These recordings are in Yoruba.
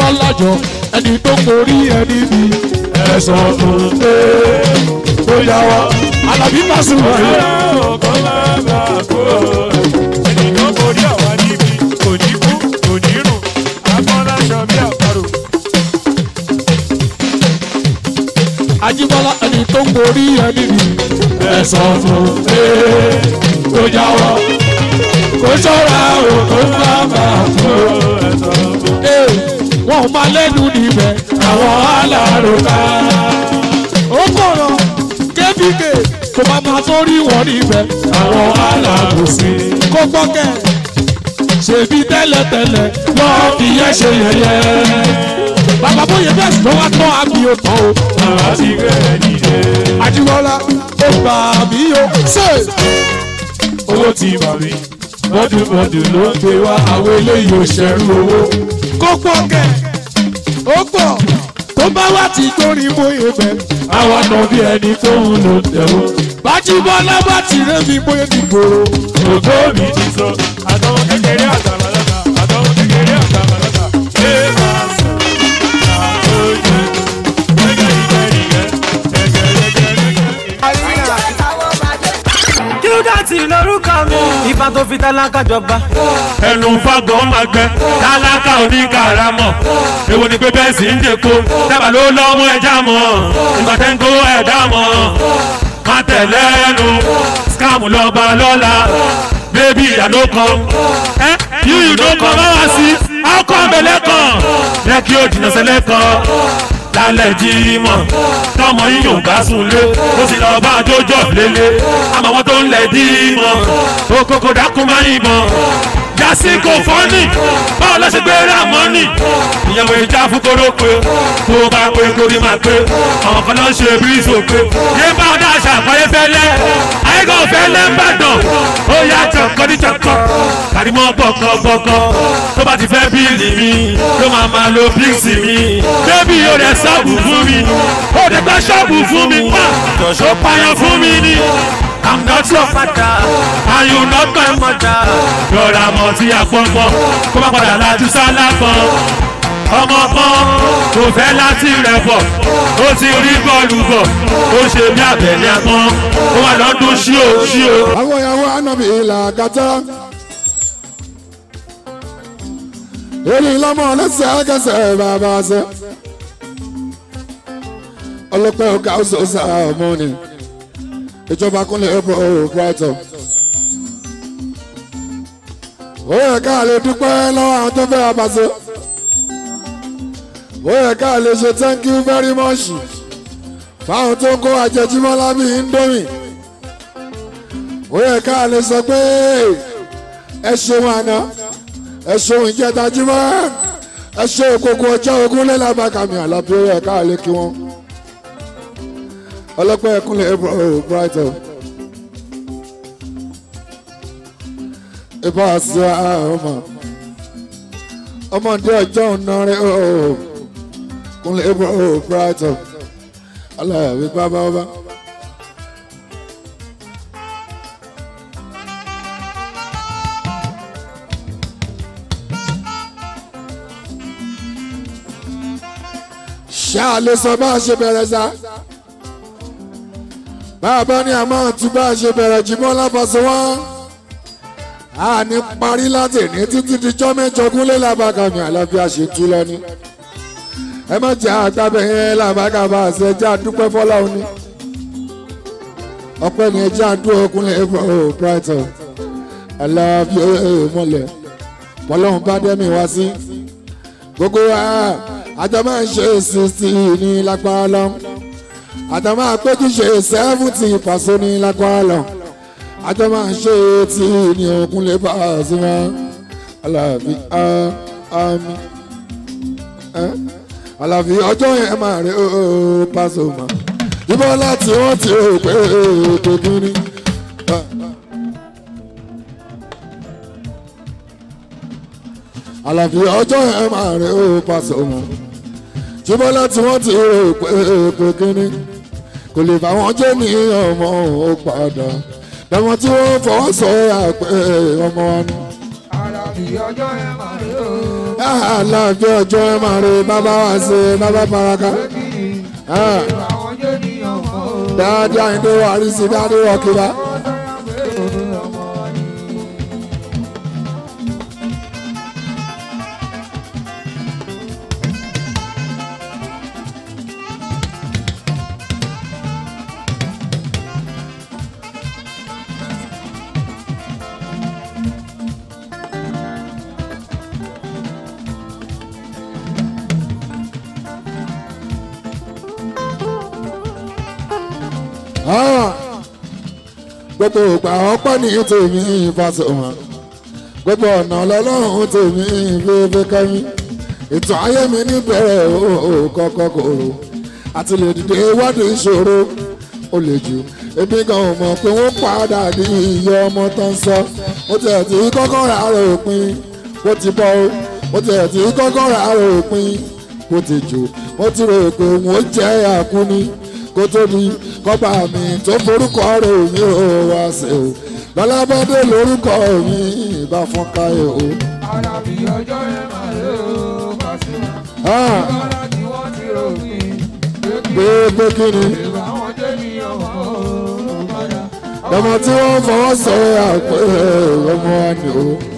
bọ́ lájọ ẹni tó korí ẹni bí ẹ̀sán fún pé tó yá wa alábí má sùn wáyé. ọkọ lára kó ẹni tó korí àwa níbi kò ní kú kò ní rùn afọláṣọ bí àparò. Ajíbọ́lá ẹni tó korí ẹni bí ẹ̀sán fún pé tó yá wa kó ṣọ́ra o kó má bàa fún ẹ̀sán ọlọ́run máa lẹ́nu níbẹ̀ àwọn alárùká. ó kọ̀rọ̀ kébìkè kò máa máa tó rí wọn níbẹ̀ àwọn alárùsí. kó gbọ́kẹ́ ṣèbí tẹ́lẹ̀tẹ́lẹ̀ lọ́ọ́ fi yẹ́ ṣe yẹ̀yẹ́ bàbá bóyá bẹ́ẹ̀ ló wá tọ́ àmì òtán o. bàbá ti rẹ̀ nílé. àjùmọ̀lá ó gbà mí o. ṣé owó ti bà mí mọ́dúnmọ́dún ló ń gbé wá àwọn eléyìí ò ṣẹ́rú owó. kó pọ́ńkẹ́ ó pọ̀ tó bá wà tí torí mú ibẹ̀ àwa nà bí ẹni tó ń lò tẹ̀wọ́. bájú bọ́lá bá ti rẹ́ mi bóyá ní gbòòrò. ògbó mi ti sọ àtàwọn kékeré àtàwọn. Ifá tó fi tálákà jọba. ẹnu fagbọn máa gbẹ tálákà oníkàràmọ èwo ni pé bẹ́ẹ̀ sì ń dèkó dábàá ló lọ́mú ẹja mọ́ ìgbà tẹ́ ń kó ẹ̀dá mọ́ má tẹ̀lé ẹnu scam lọ́ba lọ́la baby I no come you you no come báwa sí ọkọ̀ mẹ́lẹ́kàn lẹ́kì ó jìnnà lálẹ́ jímọ̀ tọmọ yíyùn bá sunlé ó sì lọ bá jójọ́ lélẹ̀ àmọ́ wọn tó ń lẹ̀ dímọ̀ òkòkò dákú máa yìnbọn jásí kò fọ́nì báwo ló ṣe gbé ramọ́nì ìyàwó ìjà fúkoró pé tó bá pé kórí máa pé àwọn kan ló ń ṣe bírísò pé yé bá ọ̀dà àṣà àpọ́yé fẹ́lẹ́ àyíkọ́ fẹ́lẹ́ ń bàdàn ó yá tọkọ ní tọkọ kàdímọ́ bọ̀kọ̀bọ̀kọ̀ tó bá ti fẹ́ bíìlì mi ló máa máa lo bíìsì mi bébí o rẹ̀ ṣọ́ọ̀bù fún mi o rẹ̀ gbá ṣọ́ọ̀bù fún mi pa ṣó payàn fún mi ni. I'm not your father. And you not my mother. Lọ́ra mọ̀ tí a pọ̀ pọ̀ kó má padà lajú sálá pọ̀. Ọmọ kan kò fẹ́ láti rẹ̀ bọ̀. Ó ti rí bọ́ọ̀lù bọ̀. Ó ṣe bí abẹ̀lẹ̀ àpọ́n. Ó wà lọ́dún sí o sí o. Àwọn ìyàwó Ànàbì ìlà àgàtà. Èrè ìlọ́mọ lẹ́sẹ̀ kẹsẹ̀ bàbá sẹ́. Ọlọ́pẹ́ ọ̀gá ọ̀sọ̀ọ̀sà ọmọ ni ìjọba kúnlẹ̀ ẹ̀bùn ọ̀hún oh, brighton. ó yẹ ká lè dúpẹ́ lọ́wọ́ àwọn tó fẹ́ abàṣẹ. ó yẹ ká lè ṣe thank you very much fáwọn tó ń kó àjẹjímọ́ lábí indomie. ó yẹ ká lè sọ pé ẹ ṣeun àná ẹ ṣeun ìjẹta jímọ́ ẹ ṣe òkòkò ọjọ́ ogún lẹ́làbàkàmì àlàbí ó yẹ ká lè kí wọn ọlọ́pẹ́ ẹkúnlẹ̀ brighton. ìbá àṣà ọmọ ọmọdé ọjọ́ ìnáre kúnlẹ̀ brighton aláyàwé bábá ọba. ṣáà lè sọ bá a ṣe bẹ̀rẹ̀ sá bàbá ní àmọ́ àtúbà ṣe bẹ̀rẹ̀ jùmọ́ láfàṣọ wá a ní parí láti ní títí dijọ́ mẹ́jọgún lé làbàkàmì àlàáfíà ṣe tú lọ ni ẹ má jẹ́ àtàbẹ̀ yẹn làbàkàmà àṣẹ jẹ́ àdúpẹ́ fọ́lá òní ọpẹ́ ni ẹjẹ́ àdúrà ọkùnrin ẹ̀fọ́ ò oh, Brighton àlàáfíà ò mọ̀lẹ̀ pọ́lọ́hún bá dẹ́mi wá sí gbogbo àjọ máa ń ṣe sixty ní lágbára lọ́wọ́ àtàwọn àpéjìṣe sẹ́fùtì pàṣẹ ní lágbára àtàwọn àṣẹ tí ní okun lè bá a sí wọn aláàbí àmì aláàbí ọjọ́ yẹn máa rí ooo pàṣẹ mọ́ ìbọn láti wọ́n ti rò pé gbogbo ni. àlàfi ọjọ́ ẹ̀ máa rí ó pàṣẹ mọ́ ṣùgbọ́n láti wọ́n ti rò pé kínní kò lè bá wọn jẹ́ ní ọmọ ò padà lọ́mọ tí wọ́n fọwọ́ sọ àpẹ ọmọ wa nù. Àlàbí ọjọ́ ẹ máa rè o. Àlàbí bàbá wa ṣe bàbá baraka. Ah. Dáadáa ni tó rí sí dáadé wọ̀ kíra. Ah. gbogbo ògbà ọpọ́ ní tèmi Pasuma gbogbo ọ̀nà ọlọ́run tèmi fẹ́fẹ́ kẹ́mi ètò ayé mi níbẹ̀rẹ̀ kọ́kọ́ kòrò àti lè dìde wádìí ìṣòro ó lè jù èmi gan ò mọ̀ pé wọ́n padà ní iye ọmọ tó ń sọ ó ti ẹ̀ tí kọ́kọ́ rà rò pin ó ti bọ́ ó ó ti ẹ̀ tí kọ́kọ́ rà rò pin ó ti jù ó ti rò pé òun ó jẹ́ àkúni kó tó di mi tó forúkọ rẹ̀ òní ò wá ṣe o lọ́lábọ́dé lórúkọ mi ìbá fún káyọ̀ o. ara mi ẹ máa lé o bá sí wa. ìbára tí wọ́n ti rò mí. pé pé kí ni. ìbá wọn jẹ́ mi ọ̀wọ́ o. ọmọ tí wọ́n fọwọ́ sọ àpẹẹrẹ ọmọ wa ni o.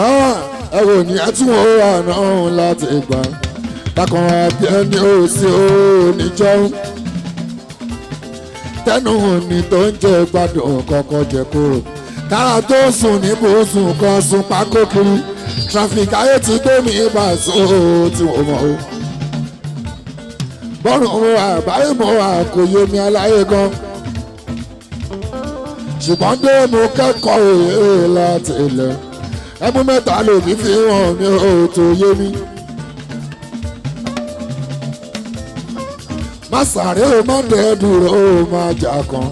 Ah, ẹ wò ní àtúwọ̀n ó àná ọ̀hún láti gbà takàn àbí ẹni ó sí ó níjọ́ tẹnu òní tó ń jẹ gbádùn kọ́kọ́ jẹ kúrò tára tó sùn níbo sùn kan sùn pákó kiri traffic ayé ti gbé mi ibà sóò tí wọ́n mọ̀ ó bọ́rùn mo wà báyìí mo wà kò yé mi aláyé gan ṣùgbọ́n dé mo kẹ́kọ̀ọ́ òye láti ẹbú mẹ́ta lòdì fi hàn mí ò yé mi. má sáré o má dẹ́ dúró o má jà kan.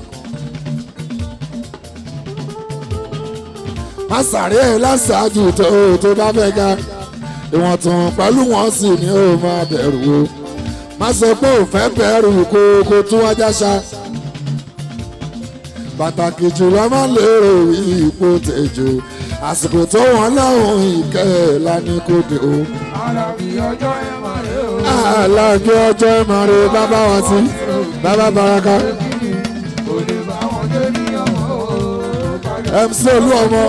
má sáré ẹ lásàájú tó tó bá fẹ́ ga ìwọ̀n tún pẹ̀lú wọn sì ni o má bẹ̀rù o má sọ pé ò fẹ́ bẹ̀rù kó kó tún ajá ṣá pàtàkì jùlọ má lérò ipò tẹ̀jọ́ àsìkò tó wọn lọ́hùn ìkẹ́ lani kò dé o. alábí ọjọ́ ẹ máa rè bàbá wa sí bàbá baraka. MC Olúọmọ.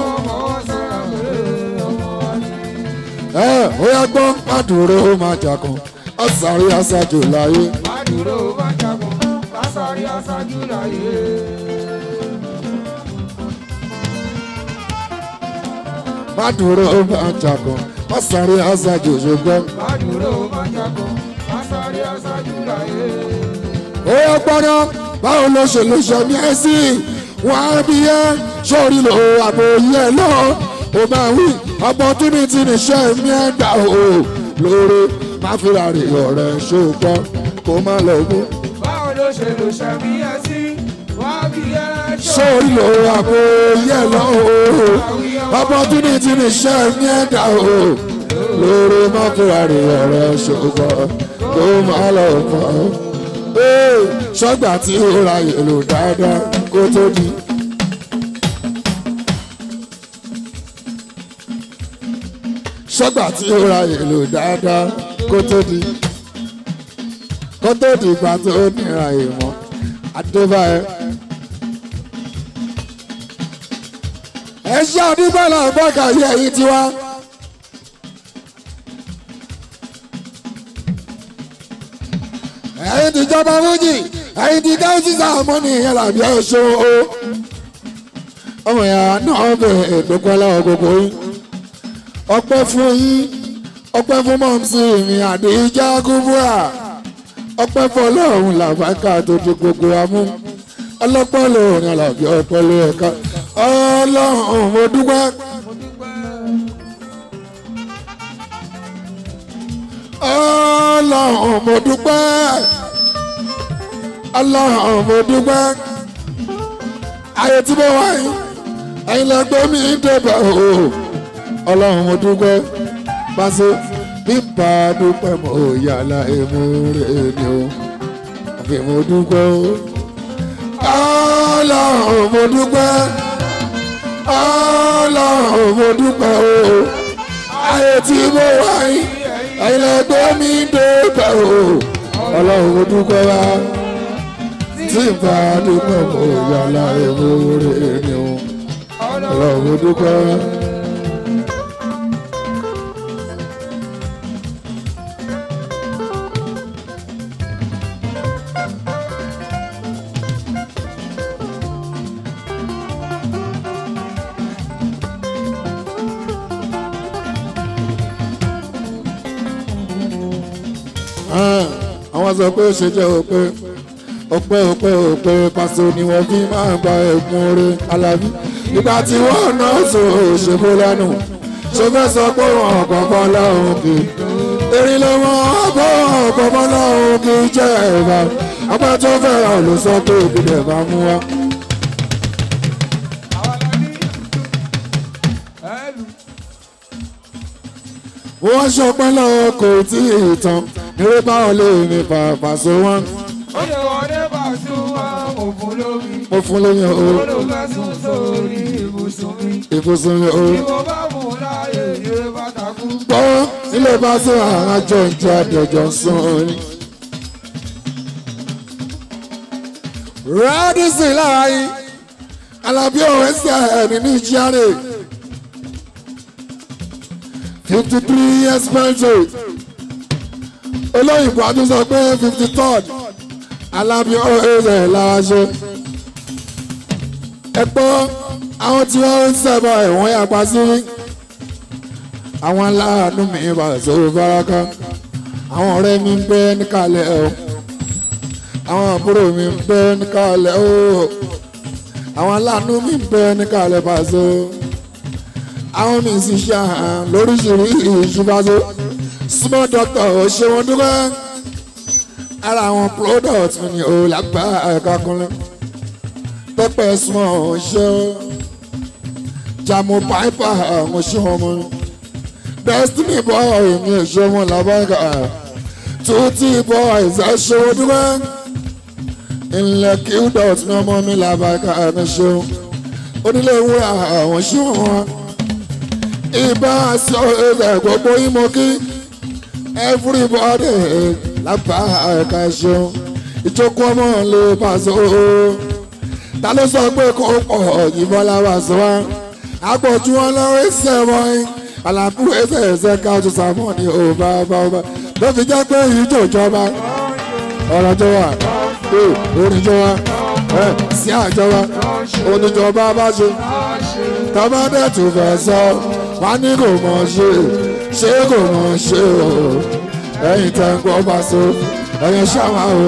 ẹ ó yá gbọ́ mádùúró máa jàkùn ọ̀sàrí aṣáájú láyé. mádùúró máa jàkùn ọ̀sàrí aṣáájú láyé. má dúró bá ń jagun má sáré aṣáájú ṣùgbọ́n. má dúró bá ń jagun má sáré aṣáájú láyé. ó yẹ gbọ́dọ̀ báwo ló ṣe lè ṣe ní lo àbò yẹn náà ó máa wí mi ẹ̀ gbà ó lóore má fi ra rè ọ̀rẹ́ ṣùgbọ́n kó má lọ mú. báwo ló ṣe lè ṣe ní ẹ̀sìn wọn á bí yẹ sórí lo àbò yẹn náà ó opportunity ní iṣẹ́ ní ẹ̀dá o lórí mọ́kúrarì ọ̀rọ̀ ṣùgbọ́n kó máa lọ pọ̀ ṣọ́gbà tí ó ra èlò dáadáa kó tó di. ṣọ́gbà tí ó ra èlò dáadáa kó tó di kó tó di ìgbà tó nira ìmọ̀ adébáyé. ẹ ṣe àdìbàlà àgbàkà yí ẹ̀yìn tiwa. ẹ̀yin ti jọba mújì ẹ̀yin ti káwùsísà mọ́nì ìyẹn làbí ọ̀ṣọ́ o. ọmọ ìyá náà bẹ̀ ẹ̀dọ́gbọ́n láwọn gbogbo yín ọpẹ́ fún yín ọpẹ́ fún mọ́mísì ìrìn àdéjà gúbúà ọpẹ́ fọlọ́run làbákà tó di gbogbo amú ọlọ́pọ̀ lòun àlàbí ọpẹ́ ló ẹ̀ka ọlọ́run mo dúpẹ́. ọlọ́run mo dúpẹ́. ọlọ́run mo dúpẹ́. ayé tí mo wá yìí ẹ̀yin lè gbé mi débẹ̀ o. ọlọ́run mo dúpẹ́. pàṣẹ bí n bá dúpẹ́ mo yàrá èmú rẹ̀ ni o. àfi mo dúpẹ́ o. ọlọ́run mo dúpẹ́ ọlọ́run mo dúpẹ́ o ayé tí mo wá yín ẹ̀yin lẹ́gbẹ́ mi dúpẹ́ o ọlọ́run mo dúpẹ́ wá tí n bá dúpẹ́ mo yà láì mo ni o ọlọ́run mo dúpẹ́ wá. sọ pé ó ṣe jẹ́ òpè òpè òpè òpè pàṣẹ ni wọ́n fi máa gba ẹ̀gbọ́n oore alábí ìgbà tí wọ́n náà sọ òṣè fúlànù ṣe fẹ́ sọ pé wọn ọ̀kọ̀ọ̀kan láwọn òkè erin ló mọ ọgbọ́n ọ̀kọ̀ọ̀kan láwọn òkè jẹ́ ẹ̀bà apá tó fẹ́ràn ló sọ pé ìbílẹ̀ bá mú wa. wọ́n ṣọpẹ́ lọ́wọ́ kò tí ì tán eré táwọn lè mi pàápàá so wọn. ó lè wọlé pàṣẹ wọn mo fún lómi. mo lómi o. mo ló sórí ibùsùn mi. ibùsùn mi o. bí bá mú láàyè ilé bàtàkù. gbọ́ ilé bá sí àwọn àjọ ìjọ àdẹ̀jọ sùn orí. rẹ́díìsì lára yìí alábí ọ̀rẹ́ sí ẹ̀mí ní ìjíàrè fifty three years old olóyìnbó àtúnṣe pé fifty third alábí ọ̀rẹ́ lára ṣe. ẹ gbọ́ àwọn tí wọ́n ń sẹ́bọ̀ ẹ̀wọ̀n yàgbá sí rí àwọn aláàánú mi bá sọ̀rọ̀ fáráká àwọn ọ̀rẹ́ mi ń bẹ níkàlẹ̀ o àwọn àbúrò mi ń bẹ níkàlẹ̀ o àwọn aláàánú mi ń bẹ níkàlẹ̀ bá sọ àwọn mi sì ṣe àhàn lóríṣiríṣi ìṣúbáṣọ small doctor ò ṣe wọn dúpẹ́ ara àwọn product ni ò lágbá ẹ̀kọ́kùnrin pẹ́pẹ́ small ò ṣe o jamu piper mo ṣe wọn mọ́ destiny boy mi ò ṣe wọn làbáyà tuti boys. ẹ̀ ṣe wọn dúpẹ́ ilẹ̀ qdot ní ọmọ mi làbáyà mi ṣe wọn onílé ìwúra àwọn ṣe wọn ìbá àṣọ ẹ̀rẹ̀ gbogbo yín mo everybody lápáàkà ṣeun ìjókòó ọmọ lè Paso ta ló sọ pé kó pọ̀ yìnbọn lára sọ wá àpọ̀jù wọn lọ́wọ́ ẹsẹ̀ wọn àlàkù ẹsẹ̀ ẹsẹ̀ káàtó sàmọ́ ni ò bá bá bá ló fi jẹ́ pé ìjọ ìjọba ọ̀rọ̀ jọba orin jọba sí àjọba oníjọba bá ṣe tọ́mọdé tó fẹ́ sọ wọn ní kò mọ̀ ṣe ṣé kò mọ̀ ṣe o ẹ̀yin tẹ́ ń gbọ́ Paso ẹ̀yin ṣáwá o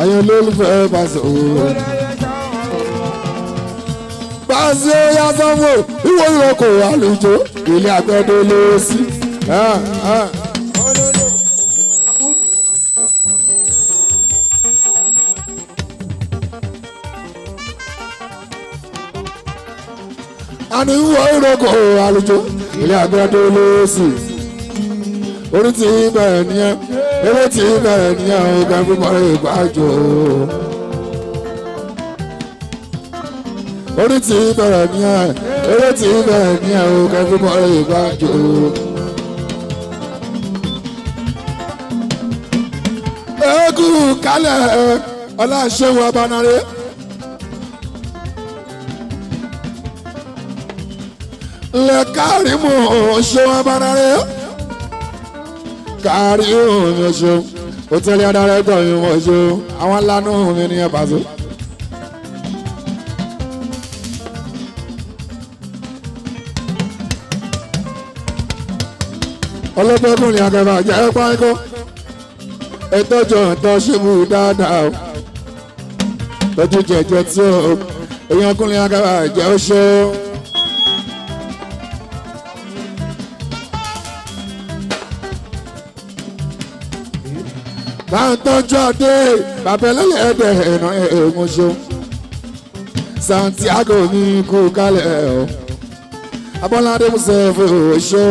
ẹ̀yin olólùfẹ́ Paso o. Paso ya sanwó ìwọ ìwọ kò wá lójó ilé agbẹ́dọ́ ló sí. àní ìrọ̀kọ̀ àlùjọ ilé agbádó ló sì orí ti bẹ̀rẹ̀ nìyẹn eré ti bẹ̀rẹ̀ nìyẹn o gàmí mọ́rẹ́ ìgbàjọ. orí ti bẹ̀rẹ̀ nìyẹn eré ti bẹ̀rẹ̀ nìyẹn o gàmí mọ́rẹ́ ìgbàjọ. eégún kálẹ̀ ọlá ṣéwọ́ abanare. le karimu oṣù abarare karimu oṣù òtẹ́lẹ̀ adarẹ gbọ̀yìn oṣù àwọn lanu mi ní ẹ̀bàṣọ. ọlọ́gbẹ́kùn ni àgbẹ̀bà jẹ́ páńkó ẹ̀tọ́jọ ẹ̀tọ́ ṣubú dáadáa o tọ́jú jẹ̀jẹ̀ tí o èèyàn kùn ni jẹ́ oṣù. bá ń tọ́jú ọdẹ bàbá ẹlẹ́lẹ́dẹ̀ ẹ̀nà ẹ̀hún ṣeun Santiago ní kú kálẹ̀ o Abọ́ládé Musefu ṣó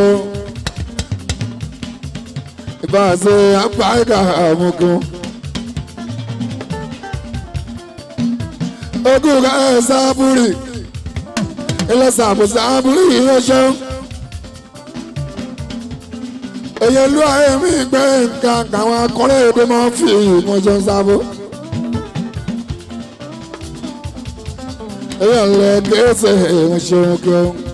ìbáṣe apáyíká àmukun. ogún ká ẹ̀ sábúrì ilẹ̀ sàbùsàbùrì yìí ṣeun èyàn ló ayé mi gbé nǹkan káwọn akọrẹ èdè máa fi ìmọ̀jọ sábó. èyàn lè kéésì ìmọ̀ṣẹ́ òkè òun.